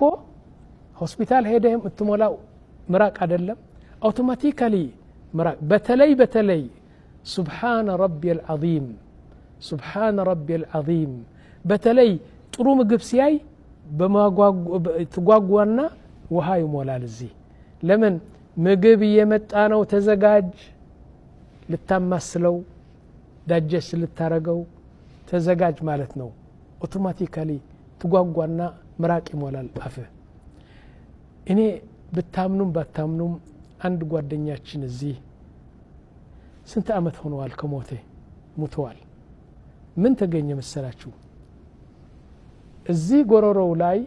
እኮ ሆስፒታል ሄደ የምትሞላው ምራቅ አይደለም አውቶማቲካሊ ምራቅ በተለይ በተለይ ሱብሓነ ረቢ አልዓዚም ሱብሓነ ረቢ አልዓዚም በተለይ ጥሩ ምግብ ሲያይ ትጓጓና ውሃ ይሞላል እዚህ ለምን ምግብ እየመጣ ነው ተዘጋጅ ልታማስለው ዳጀስ ልታረገው ተዘጋጅ ማለት ነው ኦቶማቲካሊ ትጓጓና ምራቅ ይሞላል አፍ እኔ ብታምኑም ባታምኑም አንድ ጓደኛችን እዚህ ስንት አመት ሆነዋል ከሞቴ ሙተዋል። ምን ተገኘ መሰላችሁ? እዚህ ጎረሮው ላይ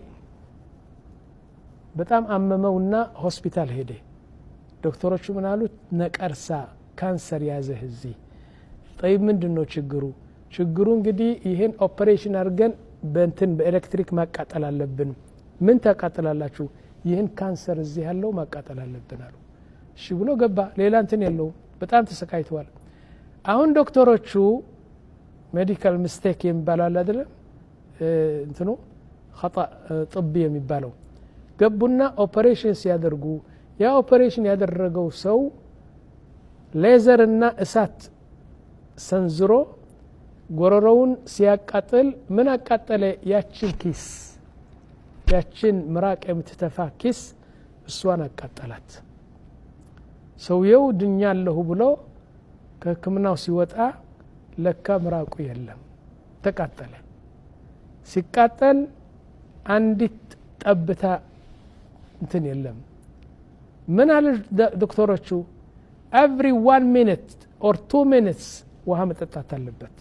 በጣም አመመውና ሆስፒታል ሄደ። ዶክተሮቹ ምን አሉት? ነቀርሳ ካንሰር ያዘህ። እዚህ ጠይብ ምንድን ነው ችግሩ? ችግሩ እንግዲህ ይህን ኦፕሬሽን አድርገን በእንትን በኤሌክትሪክ ማቃጠል አለብን። ምን ታቃጥላላችሁ? ይህን ካንሰር እዚህ ያለው ማቃጠል አለብን አሉ። እሺ ብሎ ገባ። ሌላ እንትን የለውም። በጣም ተሰቃይተዋል። አሁን ዶክተሮቹ ሜዲካል ምስቴክ የሚባለው አለ እንትኑ ኸጣ የሚባለው ገቡና ኦፐሬሽን ሲያደርጉ ያ ኦፐሬሽን ያደረገው ሰው ሌዘርና እሳት ሰንዝሮ ጎረሮውን ሲያቃጥል ምን አቃጠለ? ያችን ኪስ ያችን ምራቅ የምትተፋ ኪስ እሷን አቃጠላት። ሰውየው ድኛ አለሁ ብሎ ከህክምናው ሲወጣ ለካ ምራቁ የለም ተቃጠለ። ሲቃጠል አንዲት ጠብታ እንትን የለም። ምን አለ ዶክተሮቹ? ኤቭሪ ዋን ሚኒት ኦር ቱ ሚኒትስ ውሃ መጠጣት አለበት።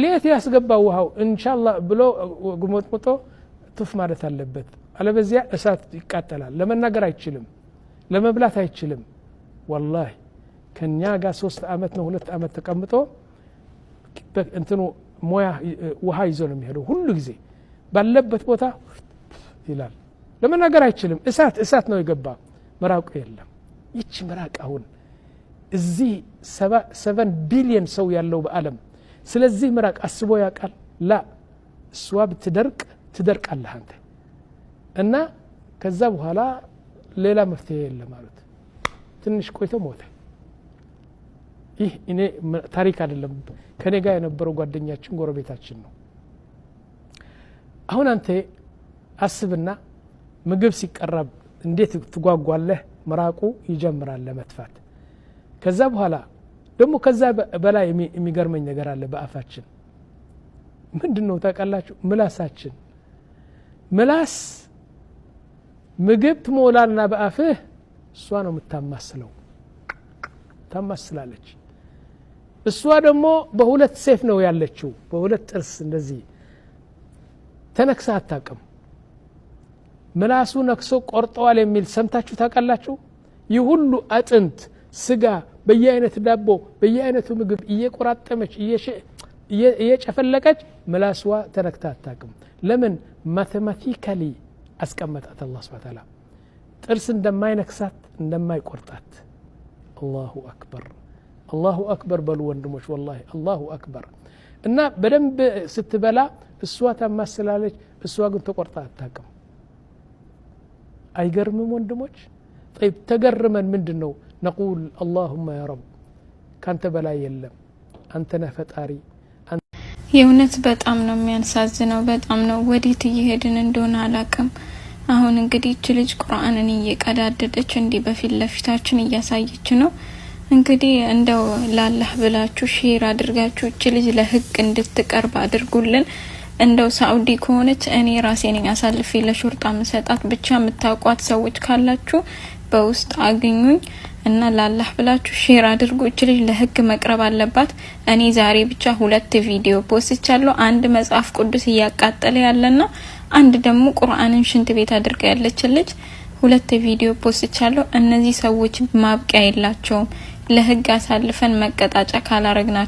ለየት ያስገባ ውሃው እንሻላ ብሎ ጉሞጥሙጦ ቱፍ ማለት አለበት አለበዚያ እሳት ይቃጠላል ለመናገር አይችልም ለመብላት አይችልም ወላ ከእኛ ጋር ሶስት አመት ነው ሁለት አመት ተቀምጦ እንትኑ ሞያ ውሃ ይዞ ነው የሚሄደው ሁሉ ጊዜ ባለበት ቦታ ይላል ለመናገር አይችልም እሳት እሳት ነው የገባ ምራቁ የለም ይች ምራቅ አሁን እዚህ ሰቨን ቢሊየን ሰው ያለው በአለም ስለዚህ ምራቅ አስቦ ያውቃል ላ እሷ ብትደርቅ ትደርቃለህ አንተ እና ከዛ በኋላ ሌላ መፍትሄ የለም አሉት ትንሽ ቆይቶ ሞተ ይህ እኔ ታሪክ አይደለም ከኔ ጋር የነበረው ጓደኛችን ጎረቤታችን ነው አሁን አንተ አስብና ምግብ ሲቀረብ እንዴት ትጓጓለህ ምራቁ ይጀምራል ለመትፋት ከዛ በኋላ ደግሞ ከዛ በላይ የሚገርመኝ ነገር አለ በአፋችን ምንድን ነው ታቃላችሁ ምላሳችን ምላስ ምግብ ትሞላና በአፍህ እሷ ነው የምታማስለው ታማስላለች እሷ ደግሞ በሁለት ሴፍ ነው ያለችው በሁለት ጥርስ እንደዚህ ተነክሳ አታቅም ምላሱ ነክሶ ቆርጠዋል የሚል ሰምታችሁ ታቃላችሁ ይህ ሁሉ አጥንት ስጋ በየአይነት ዳቦ በየአይነቱ ምግብ እየቆራጠመች እየጨፈለቀች ምላስዋ ተነክታ አታቅም ለምን ማቴማቲካሊ አስቀመጣት አላ ስብን ታላ ጥርስ እንደማይነክሳት እንደማይቆርጣት አላሁ አክበር አላሁ አክበር በሉ ወንድሞች ወላ አላሁ አክበር እና በደንብ ስትበላ እሷ ታማስላለች እሷ ግን ተቆርጣ አታቅም አይገርምም ወንድሞች ተገርመን ምንድን ነው نقول አላሁማ يا رب ካንተ በላይ የለም፣ አንተ نفطاري የእውነት በጣም ነው የሚያንሳዝነው። በጣም ነው ወዴት እየሄድን እንደሆነ አላቅም። አሁን እንግዲህ እች ልጅ ቁርአንን እየቀዳደደች እንዲህ በፊት ለፊታችን እያሳየች ነው። እንግዲህ እንደው ላላህ ብላችሁ ሼር አድርጋችሁ እች ልጅ ለህግ እንድትቀርብ አድርጉልን። እንደው ሳኡዲ ከሆነች እኔ ራሴ ነኝ አሳልፌ ለሹርጣ መሰጣት። ብቻ የምታውቋት ሰዎች ካላችሁ በውስጥ አግኙኝ። እና ለአላህ ብላችሁ ሼር አድርጉ። እች ልጅ ለህግ መቅረብ አለባት። እኔ ዛሬ ብቻ ሁለት ቪዲዮ ፖስቻለሁ። አንድ መጽሐፍ ቅዱስ እያቃጠለ ያለና አንድ ደግሞ ቁርአንን ሽንት ቤት አድርጋ ያለች ልጅ ሁለት ቪዲዮ ፖስቻለሁ። እነዚህ ሰዎች ማብቂያ የላቸውም። ለህግ አሳልፈን መቀጣጫ ካላረግናቸው